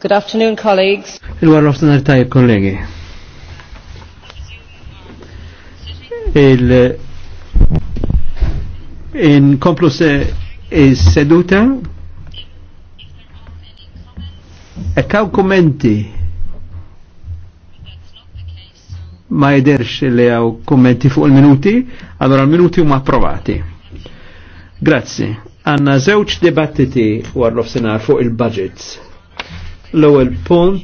Good afternoon, colleagues. Il-warrof sanar tajib, kollegi. Il- in komplu se seduta e kaw kommenti ma jiderx li għaw kommenti fuq il-minuti allora il-minuti huma approvati grazzi għanna zewċ debattiti warlof senar fuq il-budgets l-ewwel punt